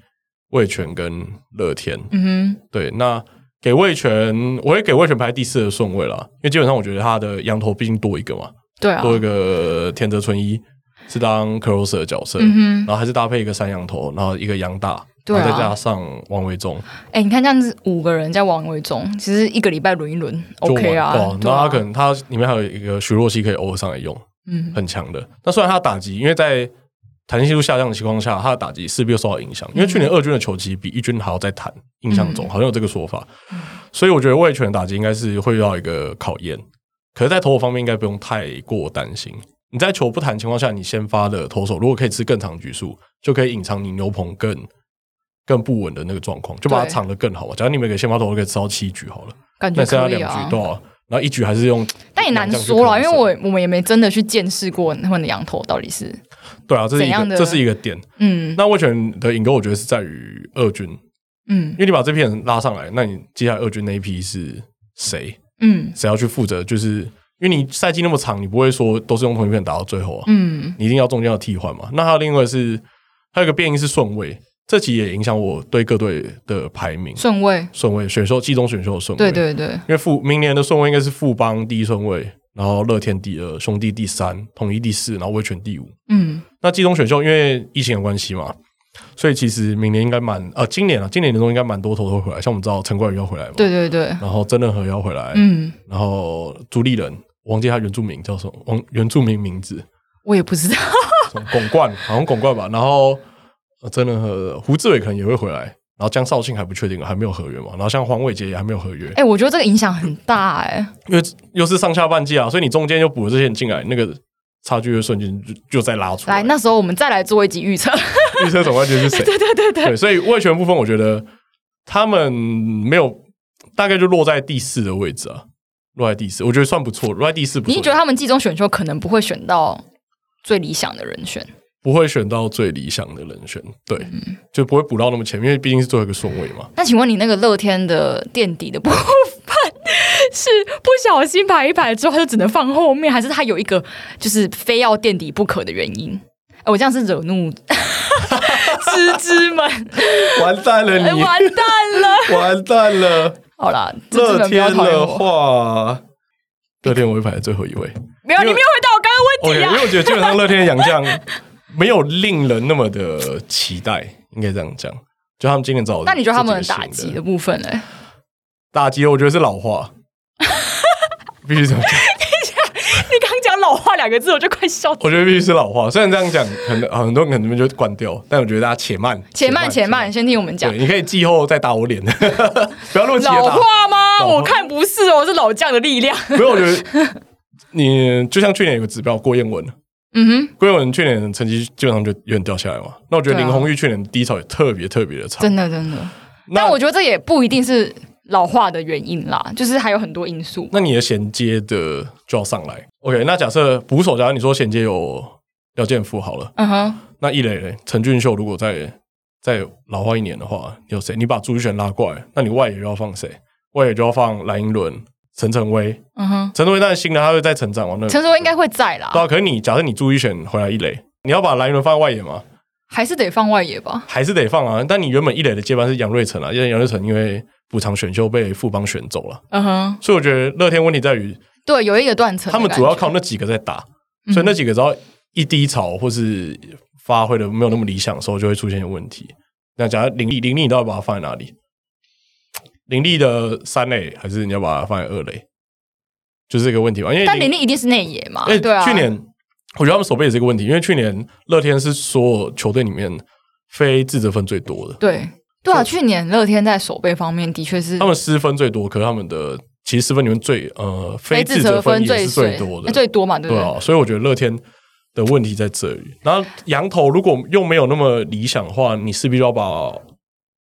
味全跟樂天。嗯哼。對，那給味全，我也給味全排第四的順位了，因為基本上我覺得他的洋投畢竟多一個嘛。對啊。多一個田澤純一是當 closer 的角色，嗯，然後還是搭配一個三洋投，然後一個洋打，對啊、然後再加上王維中。哎、欸，你看這樣子五個人加王維中，其實一個禮拜輪一輪，OK 啊。那、啊啊、他可能他裡面還有一個徐若熙可以偶爾上來用。嗯，很強的。那雖然他的打擊，因為在彈性係數下降的情況下，他的打擊勢必又受到影響。因為去年二軍的球技比一軍還要再彈，印象中、嗯、好像有這個說法。嗯、所以我覺得外權的打擊應該是會遇到一個考驗。可是，在投手方面，應該不用太過擔心。你在球不彈情況下，你先發的投手如果可以吃更長的局數，就可以隱藏你牛棚更更不穩的那個狀況，就把它藏得更好。假如你每個先發投手可以吃到七局好了，那剩下兩局多少？然後一局還是用，但也難說了，啊，因為我我們也沒真的去見識過他們的洋投到底是，對啊，這是一個樣的，這是一個點。嗯，那目前的隱憂我覺得是在於二軍，嗯，因為你把這批人拉上來，那你接下來二軍那一批是誰？嗯，誰要去負責？就是因為你賽季那麼長，你不會說都是用同一批打到最後啊，嗯，你一定要中間要替換嘛。那還有另外是，還有一個變因是順位。這期也影響我對各隊的排名、順位、順位選秀、季中選秀的順位。對對對，因為富，明年的順位應該是富邦第一順位，然後樂天第二，兄弟第三，統一第四，然後味全第五。嗯，那季中選秀因為疫情有關係嘛，所以其實明年應該蠻……呃，今年啊，今年的時候，應該蠻多投投回來。像我們知道陳冠宇要回來嘛，對對對，然後曾仁和要回來，嗯，然後朱立人，我忘記，他原住民叫什麼？王原住民名字我也不知道，拱冠 好像拱冠吧，然後。啊、真的和胡智為可能也會回來，然後江少慶還不確定，還沒有合約嘛。然後像黃偉傑也還沒有合約。哎、欸，我覺得這個影響很大哎、欸，因為又是上下半季啊，所以你中間又補了這些人進來，那個差距又瞬間就就再拉出來。來，那時候我們再來做一集預測，預 測總冠軍是誰？對對對對，對，對。所以外權部分，我覺得他們沒有大概就落在第四的位置啊，落在第四，我覺得算不錯。落在第四不錯，你，你覺得他們季中選秀可能不會選到最理想的人選？不會選到最理想的人選，對，嗯、就不會補到那麼前面，因為畢竟是最後一個順位嘛。那請問你那個樂天的墊底的部分，是不小心排一排之後就只能放後面，還是他有一個就是非要墊底不可的原因？哎，我這樣是惹怒獅子們， 枝嗎 完，蛋了 完蛋了，你完蛋了，完蛋了。好啦這，樂天的話，樂天我會排在最後一位。沒有，你沒有回答我剛剛問題啊？Okay, 我沒有覺得，基本上樂天的洋將。 沒有令人那麼的期待，應該這樣講。就他們今年找。那你覺得他們打擊的部分呢？打擊，我覺得是老話， 必須這樣講。等一下，你剛講老話兩個字，我就快笑。我覺得必須是老話，雖然這樣講，很很多人可能就會關掉，但我覺得大家且慢，且慢，且慢，且慢且慢且慢且慢先聽我們講。你可以季後再打我臉， 不要那麼老話嗎老化？我看不是哦，是老將的力量。不 有，我覺得你就像去年有個指標郭嚴文。嗯哼，嚴文去年成績基本上就有點掉下來嘛。那我覺得林泓育去年低潮也特別特別的差，啊，真的真的。那但我覺得這也不一定是老化的原因啦，就是還有很多因素。那你的銜接的就要上來，OK？那假設捕手，假如你說銜接有廖健富好了，嗯、uh、哼 -huh，那一壘，陳俊秀如果再再老化一年的話，有誰？你把朱育賢拉過來，那你外野就要放誰？外野就要放藍寅倫。陳晨、晨威，嗯哼，陳晨威當然新的，他會再成長嘛。那陳晨威應該會在啦。對，可是你假設你朱育賢回來一壘，你要把藍寅倫放在外野嗎？還是得放外野吧？還是得放啊！但你原本一壘的接班是楊瑞成啊，因為楊瑞成因為補償選秀被富邦選走了，嗯哼。所以我覺得樂天問題在於，對，有一個斷層。他們主要靠那幾個在打，嗯、所以那幾個只要一低潮或是發揮的沒有那麼理想的時候，就會出現問題。那假如林立，林立，你到底把它放在哪裡？林立的三壘，還是你要把它放在二壘，就是這個問題吧。因為林但林立一定是內野嘛。對啊。去年我覺得他們守備也是一個問題，因為去年樂天是所有球隊裡面非自責分最多的。對對啊，去年樂天在守備方面的確是他們失分最多，可是他們的其實失分裡面最呃非自責分最最多的，最，最多嘛對。對啊，所以我覺得樂天的問題在這裡。然後洋投如果又沒有那麼理想的話，你勢必要把。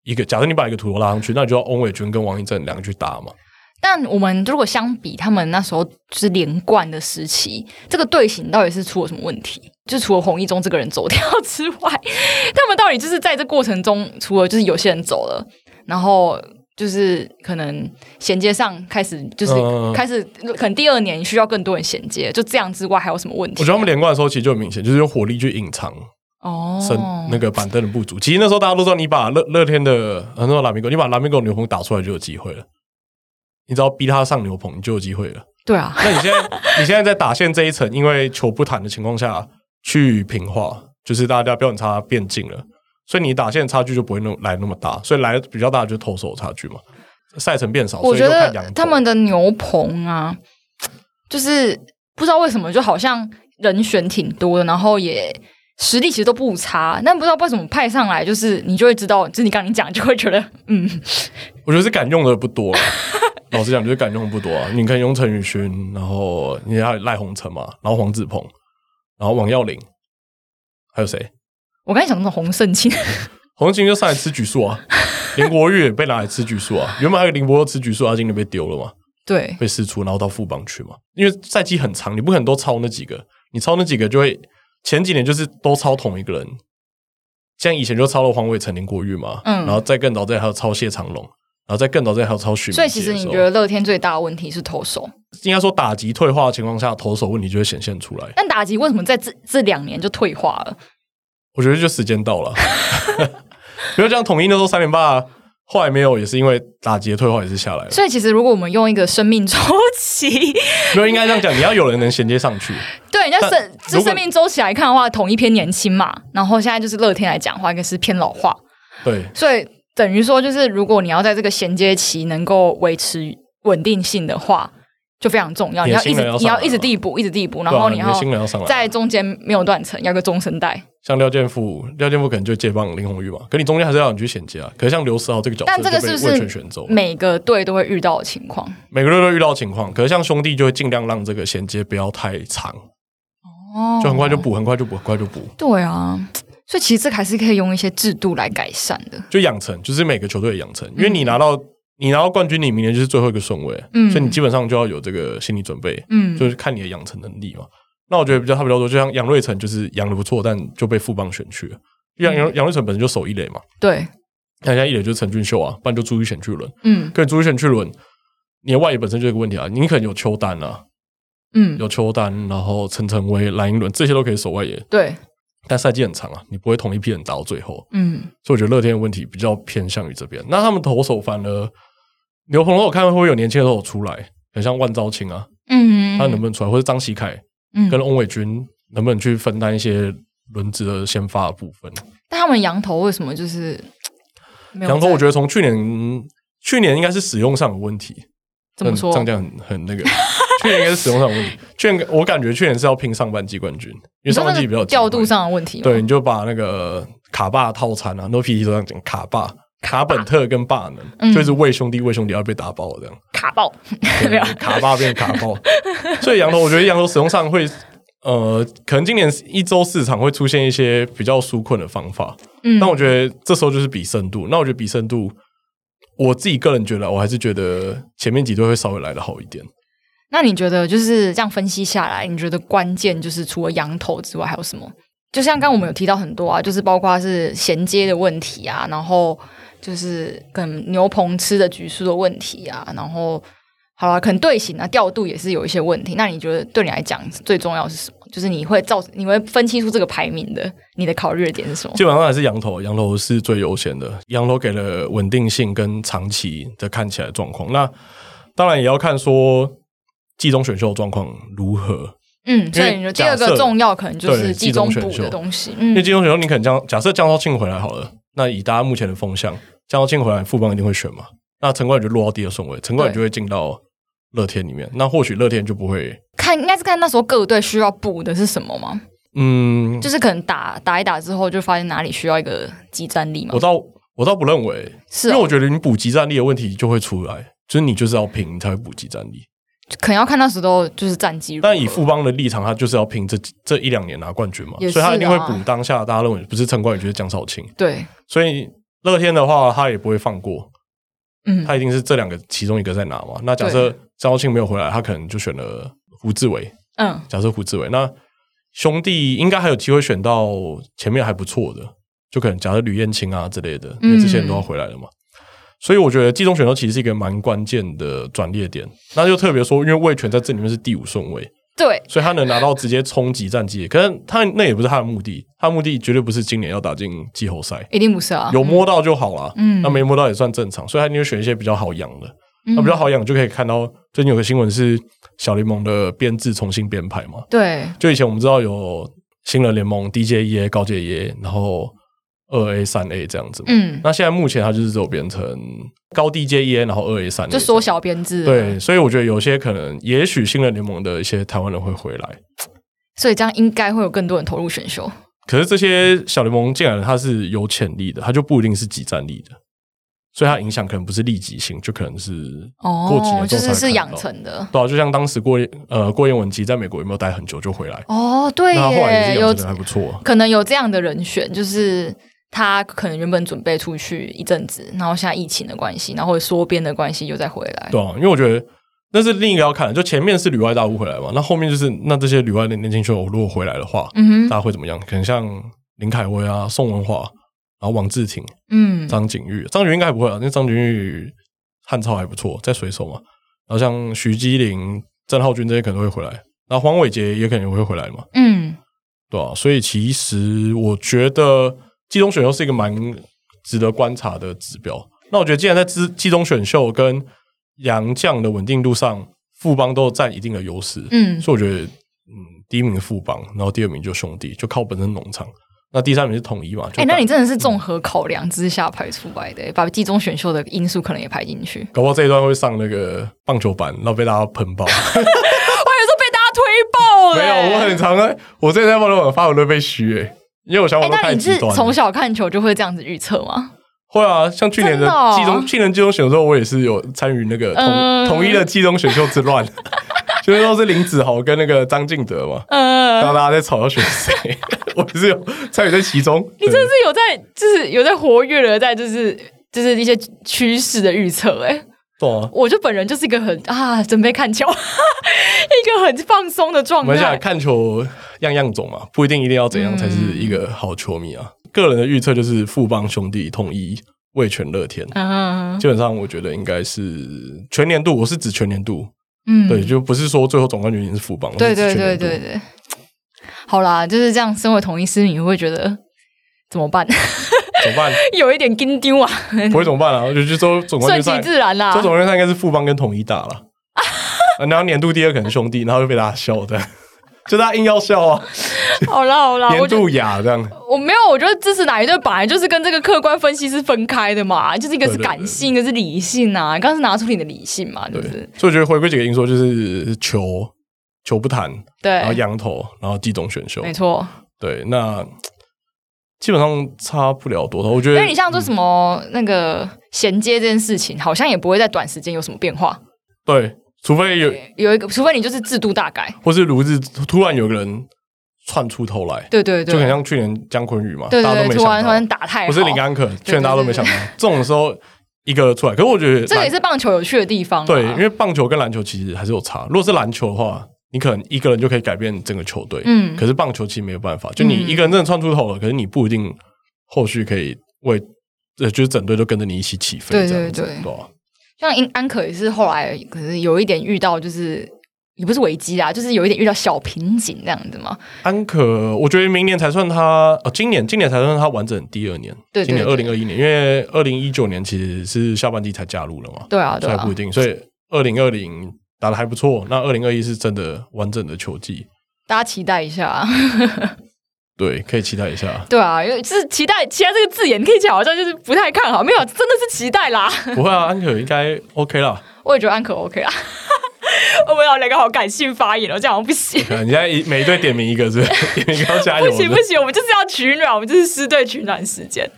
一個，假設你把一個土樓拉上去，那你就要翁瑋均跟王溢正兩個去打嘛。但我們如果相比他們那時候就是連貫的時期，這個隊形到底是出了什麼問題？就除了洪一中這個人走掉之外，他們到底就是在這過程中，除了就是有些人走了，然後就是可能銜接上開始就是、嗯、開始，可能第二年需要更多人銜接，就這樣之外還有什麼問題？我覺得他們連貫的時候其實就很明顯，就是用火力去隱藏。哦，那個板凳的不足。其實那時候大家都說，你把樂樂天的很多拉米戈，啊那個、Lamigo, 你把拉米戈的牛棚打出來就有機會了。你只要逼他上牛棚，你就有機會了。對啊，那你現在 你現在在打線這一層，因為球不彈的情況下去平化，就是大家標準差變近了，所以你打線差距就不會那麼來那麼大，所以來比較大的就投手差距嘛。賽程變少，我覺得他們的牛棚啊，就是不知道為什麼，就好像人選挺多，的，然後也。實力其實都不差，但不知道為什麼派上來，就是你就會知道，就是你剛剛講，就會覺得，嗯，我覺得是敢用的不多。 老實講，就是敢用不多。啊，你可以用陳禹勳，然後你還有賴鴻誠嘛，然後黃子鵬，然後王躍霖，還有誰？我剛才想，那種洪勝清、嗯，洪勝清就上來吃局數啊，林 國玉被拿來吃局數啊，原本還有林柏佑吃局數，阿金就被丟了嘛。對，被釋出，然後到富邦去嘛，因為賽季很長，你不可能都操那幾個，你操那幾個就會。前幾年就是都超同一個人，像以前就超了黃偉成、林國裕嘛，嗯，然後再更早再還有超謝長亨，然後再更早再還有超許。所以其實你覺得樂天最大的問題是投手，應該說打擊退化的情況下，投手問題就會顯現出來。但打擊為什麼在這這兩年就退化了？我覺得就時間到了，不 要 這樣，統一的時候三連霸啊後來沒有，也是因為打擊的退化也是下來。所以其實如果我們用一個生命週期 ，沒有應該這樣講，你要有人能銜接上去。 對，你生，這生命週期來看的話，統一偏年輕嘛，然後現在就是樂天來講的話，應該是偏老化。對。所以等於說，就是如果你要在這個銜接期能夠維持穩定性的話，就非常重要，你要一直你要，你要一直遞補，一直遞補、啊，然後你要在中間沒有斷層，要個中生代。像廖健富，廖健富可能就接棒林泓育吧，可你中間還是要你去銜接啊。可是像劉思豪這個角度，但這個是不是每個隊都會遇到的情況？每個隊都會遇到的情況。可是像兄弟就會盡量讓這個銜接不要太長，哦，就很快就補，很快就補，很快就補。對啊，所以其實這還是可以用一些制度來改善的。就養成，就是每個球隊的養成，因為你拿到、嗯。你拿到冠軍，你明年就是最後一個順位，嗯，所以你基本上就要有這個心理準備，嗯，就是看你的養成能力嘛。嗯、那我覺得比較差比較多，就像楊瑞晨就是養的不錯，但就被富邦選去了。楊楊楊瑞晨本身就守一壘嘛，對，那像一壘就是陳俊秀啊，不然就朱育賢去輪，嗯，跟朱育賢去輪，你的外野本身就有一個問題啊，你可能有邱丹啊，嗯，有邱丹，然後陳晨威、藍寅倫這些都可以守外野，對，但賽季很長啊，你不會同一批人打到最後，嗯，所以我覺得樂天的問題比較偏向於這邊，那他們投手反而。有朋友我看會不會有年輕的都有出來，很像萬朝青啊，嗯，他能不能出來，嗯、或者張喜凱，跟翁瑋均能不能去分擔一些輪值的先發的部分？但他們洋投為什麼就是洋投？我覺得從去年、嗯、去年應該是使用上的問題，怎麼說？這樣講很很那個，去年應該是使用上的問題。 去年我感覺去年是要拼上半季冠軍，因為上半季比較調度上的問題，對，你就把那個卡霸套餐啊，n O P 皮都這樣講卡霸。卡本特跟霸能、嗯、就是為兄弟為、嗯、兄弟而被打爆了，這樣卡爆， 卡霸變卡爆， 所以羊頭，我覺得羊頭使用上會呃，可能今年一周市場會出現一些比較紓困的方法，嗯，但我覺得這時候就是比深度，那我覺得比深度，我自己個人覺得我還是覺得前面幾隊會稍微來得好一點。那你覺得就是這樣分析下來，你覺得關鍵就是除了羊頭之外還有什麼？就像剛剛我們有提到很多啊，就是包括是銜接的問題啊，然後。就是跟牛棚吃的局數的問題啊，然後好了，啊，可能隊形啊調度也是有一些問題。那你覺得對你來講最重要是什麼？就是你會造，你會分清楚這個排名的，你的考慮點是什麼？基本上還是羊頭，羊頭是最優先的。羊頭給了穩定性跟長期的看起來狀況。那當然也要看說季中選秀狀況如何。嗯，所以你覺得第二個重要可能就是季中度的東西，嗯。因為季中選秀你可能將假設江少慶回來好了，那以大家目前的風向。江少慶回來，富邦一定會選嘛，那陳冠宇就落到第二順位，陳冠宇就會進到樂天裡面。那或許樂天就不會看，應該是看那時候各隊需要補的是什麼嗎？嗯，就是可能打打一打之後，就發現哪裡需要一個即戰力嘛。我倒我倒不認為，是、哦、因為我覺得你補即戰力的問題就會出來，就是你就是要拼，你才會補即戰力。可能要看那時候就是戰績，啊，但以富邦的立場，他就是要拼這這一兩年拿、啊、冠軍嘛、啊，所以他一定會補當下大家認為不是陳冠宇就是江少慶。對，所以。樂天的話，他也不會放過，嗯，他一定是這兩個其中一個在拿嘛，嗯。那假設張慶沒有回來，他可能就選了胡智為，嗯，假設胡智為，那兄弟應該還有機會選到前面還不錯的，就可能假設呂彥青啊之類的，因為這些人都要回來了嘛。嗯、所以我覺得季中選秀其實是一個蠻關鍵的轉捩點，那就特別說，因為味全在這裡面是第五順位。對，所以他能拿到直接衝擊戰績，可是他那也不是他的目的，他的目的絕對不是今年要打進季後賽，一定不是啊，有摸到就好了，嗯，那沒摸到也算正常，所以他就選一些比較好養的，那、嗯啊、比較好養就可以看到最近有個新聞是小聯盟的編制重新編排嘛，對，就以前我們知道有新人聯盟、低階 1A、高階 1A，然後。二 A 三 A 這樣子，嗯，那現在目前它就是只有編成高低階 1A，然後二 A 三就縮小編制，對，所以我覺得有些可能，也許新的聯盟的一些台灣人會回來，所以這樣應該會有更多人投入選秀。可是這些小聯盟進來，它是有潛力的，它就不一定是即戰力的，所以它影響可能不是立即性，就可能是哦，過幾年之後才、哦就是、是養成的對、啊，就像當時郭呃郭嚴文集在美國有沒有待很久就回來，哦，對耶，那後來還不錯，可能有這樣的人選，就是。他可能原本準備出去一陣子，然後現在疫情的關係，然後會縮編的關係又再回來。對啊，因為我覺得那是另一個要看，就前面是旅外大物回來嘛，那後面就是那這些旅外的年輕人，如果回來的話，嗯哼，大家會怎麼樣？可能像林凱威啊、宋文華，然後王志廷，嗯，張景玉，張景玉應該不會了啊，因為張景玉漢超還不錯，在水手嘛。然後像徐基林、鄭浩鈞這些可能都會回來，那黃偉杰也可能也會回來嘛。嗯，對啊，所以其實我覺得。季中選秀是一個蠻值得觀察的指標。那我覺得，既然在季中選秀跟洋將的穩定度上，富邦都占一定的優勢，嗯，所以我覺得，嗯，第一名富邦，然後第二名就兄弟，就靠本身農場。那第三名是統一嘛？哎、欸，那你真的是綜合考量之下排出來的、欸嗯，把季中選秀的因素可能也排進去。搞不好這一段會上那個棒球板，然後被大家噴爆。 我有時候被大家推爆、欸、沒有，我很常在，我最近在棒球板發文都被噓。哎、欸。因為我想在都看、欸。那你是從小看球就會這樣子預測嗎？會啊，像去年的季中的、哦，去年季中選的時候，我也是有參與那個統統、嗯、一的季中選秀之亂，就 是都是林子豪跟那個張敬德嘛，然、嗯、後大家在吵要選誰， 我不是有參與在其中。你真的是有在，嗯、就是有在活躍了，在就是就是一些趨勢的預測誒對啊、我就本人就是一個很啊，準備看球，一個很放鬆的狀態、啊。看球樣樣懂嘛，不一定一定要怎樣才是一個好球迷啊。嗯、個人的預測就是富邦兄弟統一味全樂天、啊。基本上我覺得應該是全年度，我是指全年度。嗯。對，就不是說最後總冠軍是富邦。對,對對對對對。好啦，就是這樣。身為統一獅，你會覺得怎麼辦？ 怎麼辦？有一點跟丟啊！不會怎麼辦啊？我就就說總管順其自然啦、啊。說總冠他應該是富邦跟統一打了，然後年度第二可能兄弟，然後又被他笑的， 就他硬要笑啊！ 好啦好啦，年度呀。這樣。我沒有，我覺得支持哪一隊本來就是跟這個客觀分析是分開的嘛，就是一個是感性，一個是理性啊。你剛是拿出你的理性嘛，就是。所以我覺得回歸幾個因素，就是球球不談，對，然後洋投，然後季中選秀，沒錯，對，那。基本上差不了多少，我覺得。因為你像做什麼那個銜接這件事情、嗯，好像也不會在短時間有什麼變化。對，除非有有一個，除非你就是制度大改，或是如日突然有個人竄出頭來。對對對，就很像去年江坤宇嘛。對對對大家都沒想到，突然突然打太不是林安可，去年大家都沒想到。對對對對這種時候一個出來，可是我覺得這個也是棒球有趣的地方、啊。對，因為棒球跟籃球其實還是有差。如果是籃球的話。你可能一個人就可以改變整個球隊，嗯，可是棒球其實沒有辦法，嗯、就你一個人真的竄出頭了、嗯，可是你不一定後續可以為呃，就是整隊都跟着你一起起飛這樣對對對,對,對、啊、像安可也是後來可是有一點遇到，就是也不是危機啊，就是有一點遇到小瓶頸這樣子嘛。安可，我覺得明年才算他哦，今年今年才算他完整第二年，對對對對今年二零二一年，因為二零一九年其實是下半季才加入了嘛，對啊，對啊，所以還不一定，所以二零二零。打得還不錯，那二零二一是真的完整的球季，大家期待一下，啊， 對，可以期待一下，對啊，因為是期待期待，這個字眼，聽起來好像就是不太看好，沒有，真的是期待啦， 不會啊，安可應該 OK 啦。我也覺得安可 OK 啦 我們要來個好感性發言哦，喔，我這樣不行，okay，你現在每一隊點名一個，是不是？點 名 一個加不， 不行不行，我們就是要取暖，我們就是師隊取暖時間。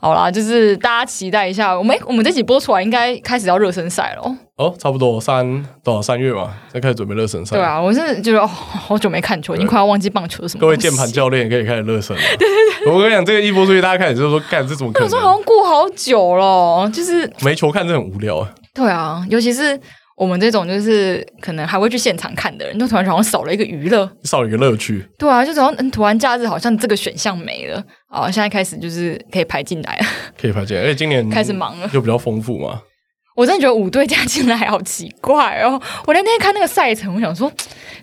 好啦，就是大家期待一下，我、欸、們我們這期播出來應該開始要熱身賽了哦。哦，差不多三多少三月吧，再開始準備熱身賽。對啊，我是覺得好久沒看球，已經快要忘記棒球是什麼。各位鍵盤教練可以開始熱身了。 我跟你講，這個一播出去，大家開始就說：“幹，這怎麼可能？”我 說好像過好久了，就是沒球看，真很無聊啊。對啊，尤其是。我們這種就是可能還會去現場看的人，就突然就好像少了一個娛樂，少了一個樂趣。對啊，就好像嗯，突然假日好像這個選項沒了。哦，現在開始就是可以排進來了，可以排進來。而且今年開始忙了，就比較豐富嘛。我真的覺得五隊加進來好奇怪哦！我那天看那個賽程，我想說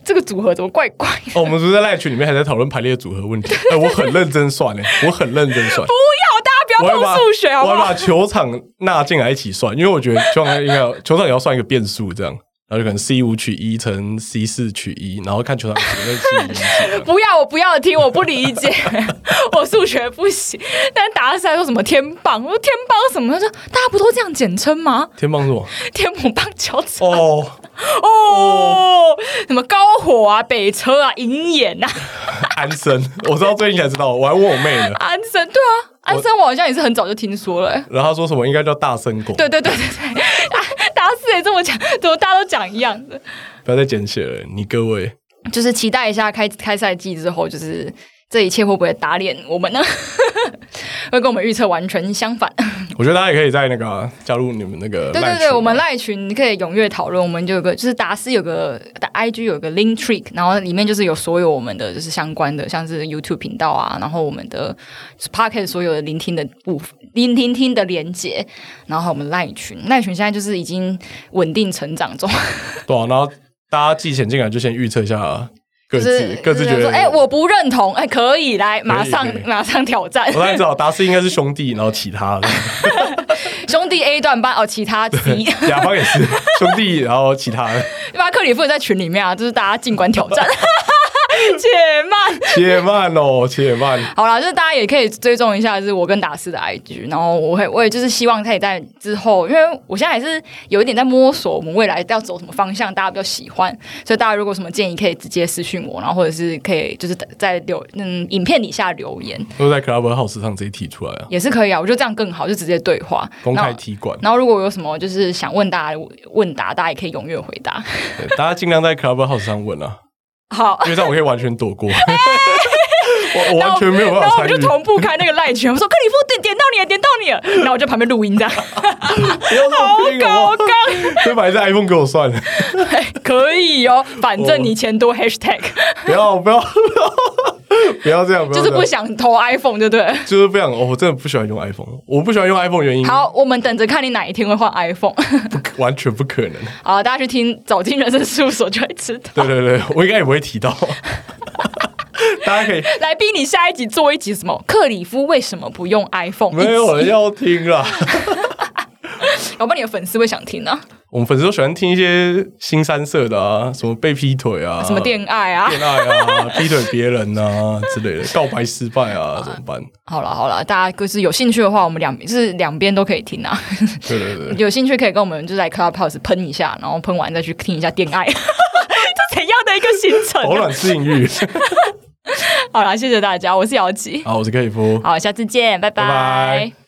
這個組合怎麼怪怪？哦，我們是不是在賴群裡面還在討論排列組合問題？ 哎，我很認真算呢，我很認真算，不要。我要把要數學好好我要把球場納進來一起算， 因為我覺得球場應該 球場也要算一個變數，這樣然後就可能 C 五取一乘 C 四取一，然後看球場1。 不要，我不要聽，我不理解， 我數學不行。但打到他說什麼天棒，我說天棒什麼？他說大家不都這樣簡稱嗎？天棒是天母棒球場。哦哦，什麼高火啊，北車啊，銀眼啊， 安森，我知道最近才知道，我還問我妹呢。 安森，對啊。安、啊、生，我好像也是很早就聽說了，欸。然後他說什麼應該叫大生果？對 對對對對，啊、大家是也這麼講？怎麼大家都講一樣的？不要再簡寫了，你各位就是期待一下開開賽季之後就是。這一切會不會打臉我們呢？ 會跟我們預測完全相反 ？我覺得大家也可以在那個、啊、加入你們那個 對，對對對，我們賴群你可以踴躍討論。我們就有個就是達斯有個 IG 有個 Linktree，然後裡面就是有所有我們的就是相關的，像是 YouTube 頻道啊，然後我們的 Podcast 所有的聆聽的部分、聆聽聽的連接，然後我們賴群賴 群現在就是已經穩定成長中 對、啊。對然後大家寄錢進來就先預測一下。各自是各自覺得，哎、欸，我不認同，哎、欸，可以來，馬上馬上，馬上挑戰。我當然知道，達斯應該是兄弟，然後其他的兄弟 A 段班哦，其他，對，亞方也是兄弟，然後其他的。因為 阿、 哦、 克里夫也在群裡面啊，就是大家儘管挑戰。 且慢，且慢哦，且慢。好啦，就是大家也可以追蹤一下，是我跟達斯的 IG。然後我會，我也就是希望可以在之後，因為我現在還是有一點在摸索我們未來要走什麼方向，大家比較喜歡。所以大家如果有什麼建議，可以直接私訊我，然後或者是可以就是在留嗯影片底下留言，都在 Clubhouse 上直接提出來啊，也是可以啊。我覺得這樣更好，就直接對話，公開提管。然後，然後如果有什麼就是想問大家問答，大家也可以踴躍回答。對，大家盡量在 Clubhouse 上問啊。 好，因為這樣我可以完全躲過、欸， 我完全沒有辦法參與然後,然後我就同步開那個賴群， 我說克里夫點點到你了，點到你了，然後我就旁邊錄音這樣。 好搞剛。可以把這 iPhone 給我算了、欸，可以哦，反正你錢多。哦、hashtag，不要不要不要。不要不要，不要這樣，就是不想偷 iPhone，對不對？就是不想、哦，我真的不喜歡用 iPhone。我不喜歡用 iPhone 原因。好，我們等着看你哪一天會換 iPhone，不完全不可能。好，大家去聽《走進人生事務所》就會知道。對對對，我應該也不會提到。 大家可以來逼你下一集做一集什麼？克里夫為什麼不用 iPhone？沒有人要聽啦。 有沒有你的粉絲會想聽呢、啊？我們粉絲都喜歡聽一些新三色的啊，什麼被劈腿啊，什麼戀愛啊，戀愛啊， 劈腿別人啊之類的，告白失敗啊，啊怎麼辦？好了好了，大家就是有興趣的話，我們兩就是兩邊都可以聽啊。對對對，有興趣可以跟我們就在 Clubhouse 噴一下，然後噴完再去聽一下戀愛， 這是怎樣的一個行程、啊？ 飽暖思淫慾 好啦，謝謝大家，我是珧綺，好，我是克里夫，好，下次見，拜拜。Bye bye